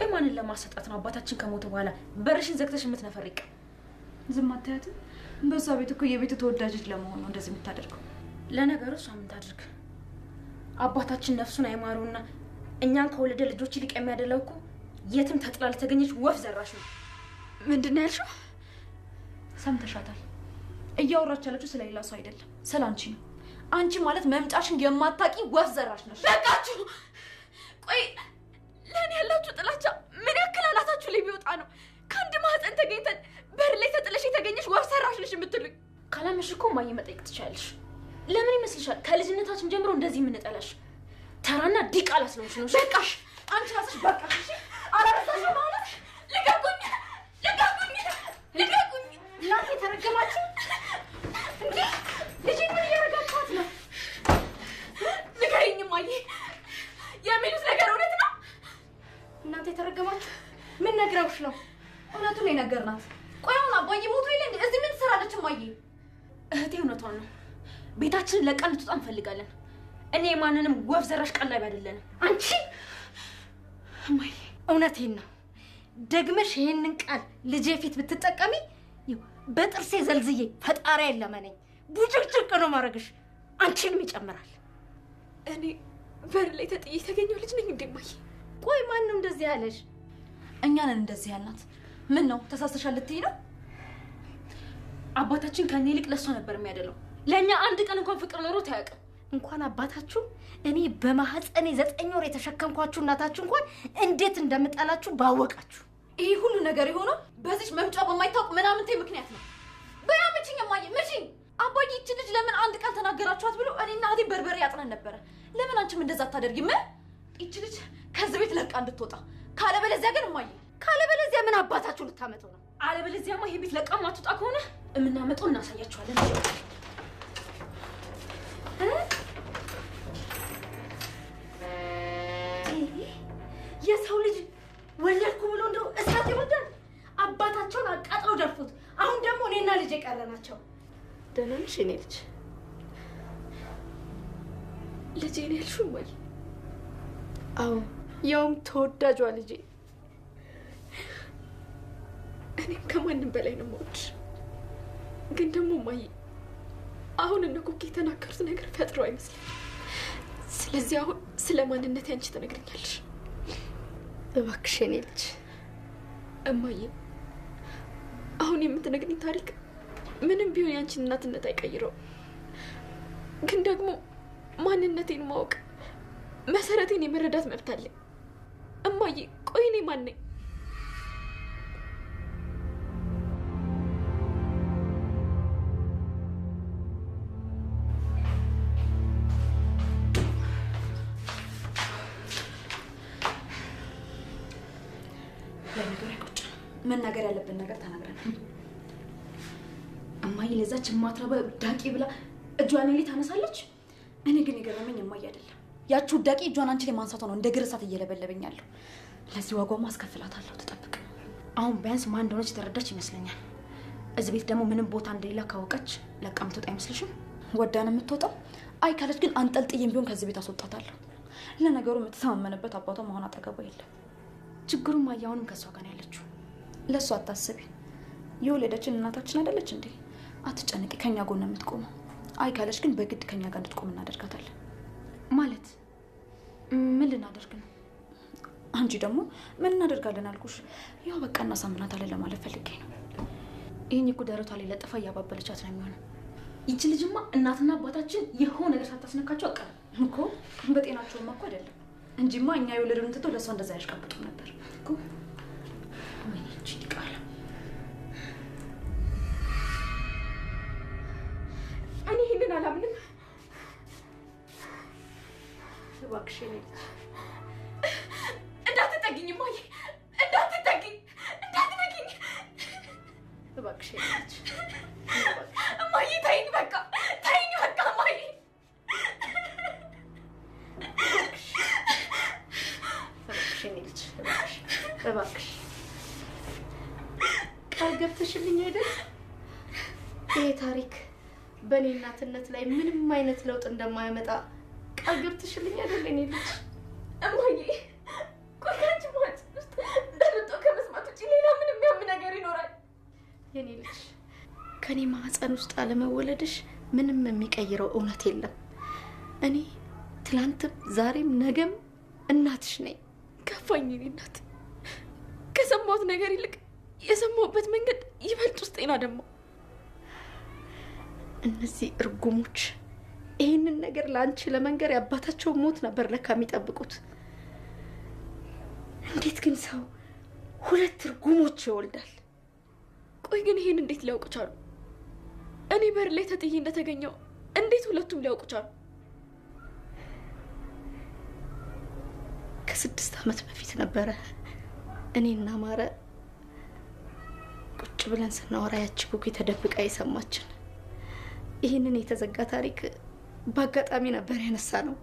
ቆይ ማንን ለማሰጣት ነው? አባታችን ከሞተ በኋላ በርሽን ዘግተሽ የምትነፈርቅ ዝም አታያትም? በእሷ ቤት እኮ የቤቱ ተወዳጆች ለመሆን ነው እንደዚህ የምታደርገው። ለነገሩ እሷ ምን አባታችን ነፍሱን አይማሩና እኛን ከወለደ ልጆች ይልቅ የሚያደለው እኮ የትም ተጥላ ለተገኘች ወፍ ዘራሽ ነው። ምንድን ነው ያልሽው? ሰምተሻታል። እያወራች ያለችው ሌላ ሰው አይደለም፣ ስለ አንቺ ነው። አንቺ ማለት መምጫሽን የማታቂ ወፍ ዘራሽ ነሽ። በቃችሁ። ቆይ ለእኔ ያላችሁ ጥላቻ ምን ያክል አናታችሁ ላይ ቢወጣ ነው ከአንድ ማህፀን ተገኝተን በር ላይ ተጥለሽ የተገኘሽ ወፍ ሰራሽ ልሽ የምትሉኝ? ካላመሽ እኮ ማየ መጠየቅ ትችላለሽ። ለምን ይመስልሻል ከልጅነታችን ጀምሮ እንደዚህ የምንጠላሽ? ተራና ዲቃላ ስለሆንሽ ነው። በቃሽ! አንቺ ራስሽ በቃሽ! የተረገማችሁ? ምን ነግረውሽ ነው? እውነቱን ነው የነገርናት። ቆይ አሁን አባዬ ሞቶ የለ እንዴ? እዚህ ምን ትሰራለች እማዬ? እህቴ እውነቷን ነው። ቤታችንን ለቀን ልትወጣ እንፈልጋለን። እኔ የማንንም ወፍ ዘራሽ ቀላቢ አይደለንም። አንቺ እማዬ፣ እውነቴን ነው። ደግመሽ ይሄንን ቃል ልጄ ፊት ብትጠቀሚ በጥርሴ ዘልዝዬ ፈጣሪ የለመነኝ ቡጭቅጭቅ ነው ማድረግሽ። አንቺንም ይጨምራል። እኔ በር ላይ ተጥዬ የተገኘው ልጅ ነኝ እንዴ እማዬ? ቆይ ማን ነው እንደዚህ ያለሽ? እኛ ነን እንደዚህ ያልናት። ምን ነው ተሳስተሻል ልትይ ነው? አባታችን ከኔ ይልቅ ለእሷ ነበር የሚያደለው። ለእኛ አንድ ቀን እንኳን ፍቅር ኖሮት አያውቅም። እንኳን አባታችሁ እኔ በማህፀኔ ዘጠኝ ወር የተሸከምኳችሁ እናታችሁ እንኳን እንዴት እንደምጠላችሁ ባወቃችሁ። ይህ ሁሉ ነገር የሆነው በዚች መምጫ በማይታወቅ ምናምንቴ ምክንያት ነው። በያምችኝ ማየ ምችኝ አባዬ፣ ይቺ ልጅ ለምን አንድ ቀን ተናገራችኋት ብሎ እኔና እህቴ በርበሬ ያጥነን ነበረ። ለምን አንቺም እንደዛ አታደርጊም? ይች ልጅ ከዚህ ቤት ለቃ እንድትወጣ ካለበለዚያ ግን እማዬ፣ ካለበለዚያ ምን አባታችሁ ልታመጡ ነው? አለበለዚያማ ይሄ ቤት ለቃ ማትወጣ ከሆነ የምናመጣው እናሳያችኋለን። የሰው ልጅ ወለድኩ ብሎ እንደው እሳት ይወዳል። አባታቸውን አቃጥለው ደፉት። አሁን ደግሞ እኔና ልጅ የቀረ ናቸው። ደህና ነሽ የእኔ ልጅ? ልጄ ነው ያልሽው ወይ? አዎ ያውም ተወዳጇ ልጄ። እኔም ከማንም በላይ ነው የምወድሽ። ግን ደግሞ ማየ አሁን እነ ኩኪ የተናገሩት ነገር ፈጥሮ አይመስልም። ስለዚህ አሁን ስለ ማንነት ያንቺ ትነግርኛለሽ። እባክሽ የኔ ልጅ። እማዬ አሁን የምትነግኝ ታሪክ ምንም ቢሆን ያንቺን እናትነት አይቀይረውም። ግን ደግሞ ማንነቴን ማወቅ መሰረቴን የመረዳት መብት አለኝ። ቆይ ቆይ፣ እኔ ማን ነኝ? መናገር ያለብን ነገር ተናግረናል። እማዬ ለዛች የማትረባ ዳቂ ብላ እጇን ሌ ታነሳለች። እኔ ግን የገረመኝ እማዬ አይደለም ያቺ ውዳቂ እጇን አንቺ ላይ ማንሳቷ ነው እንደ ግርሳት እሳት እየለበለበኝ ለዚህ ዋጋውም አስከፍላታለሁ። ተጠብቅ። አሁን ቢያንስ ማን እንደሆነች የተረዳች ይመስለኛል። እዚህ ቤት ደግሞ ምንም ቦታ እንደሌላ ካወቀች ለቃ ምትወጣ አይመስልሽም? ወዳን የምትወጣው አይ ካለች ግን አንጠልጥዬም ቢሆን ከዚህ ቤት አስወጣታለሁ። ለነገሩ የምትተማመንበት አባቷ መሆን አጠገቧ የለም። ችግሩም አያሁንም ከእሷ ጋር ያለችው። ለእሱ አታስቢ። የወለደችን እናታችን አይደለች እንዴ? አትጨነቂ፣ ከኛ ጎን የምትቆመው። አይ ካለች ግን በግድ ከኛ ጋር እንድትቆም እናደርጋታለን ማለት ምን ልናደርግ ነው? አንቺ ደግሞ ምን እናደርጋለን አልኩሽ። ያው በቃ እናሳምናታለን ለማለት ፈልጌ ነው። ይህን እኮ ደረቷ ላይ ለጥፋ እያባበለቻት ነው የሚሆነው። ይቺ ልጅማ እናትና አባታችን የሆነ ነገር ሳታስነካቸው አቀረ እኮ በጤናቸውማ እኮ አይደለም እንጂማ እኛ የወለዱን ትቶ ለእሷ እንደዛ ነበር እኮ እኔ ይህንን አላምንም። እባክሽ ልጅ እባክሽ ቃል ገብተሽልኝ አይደል? ይሄ ታሪክ በእኔ እናትነት ላይ ምንም አይነት ለውጥ እንደማያመጣ ቃል ገብተሽልኝ አይደል? እኔ ልጅ እማዬ፣ ቆይ ከአንቺ መዋጭ ውስጥ ደርጦ ከመስማት ውጭ ሌላ ምን የሚያም ነገር ይኖራል? የኔ ልጅ ከእኔ ማህፀን ውስጥ አለመወለድሽ ምንም የሚቀይረው እውነት የለም። እኔ ትላንትም፣ ዛሬም፣ ነገም እናትሽ ነኝ። ከፋኝ እናት ከሰማሁት ነገር ይልቅ የሰማሁበት መንገድ ይበልጥ ውስጤን ደሞ እነዚህ እርጉሞች ይህንን ነገር ለአንቺ ለመንገር የአባታቸው ሞት ነበር ለካ የሚጠብቁት። እንዴት ግን ሰው ሁለት እርጉሞች ይወልዳል? ቆይ ግን ይህን እንዴት ሊያውቅ ቻሉ? እኔ በር ላይ ተጥዬ እንደተገኘው እንዴት ሁለቱም ሊያውቁ ቻሉ? ከስድስት ዓመት በፊት ነበረ እኔና ማረ ቁጭ ብለን ስናወራ ያቺ ኩኪ ተደብቃ የሰማችን። ይህንን የተዘጋ ታሪክ በአጋጣሚ ነበር ያነሳ ነው።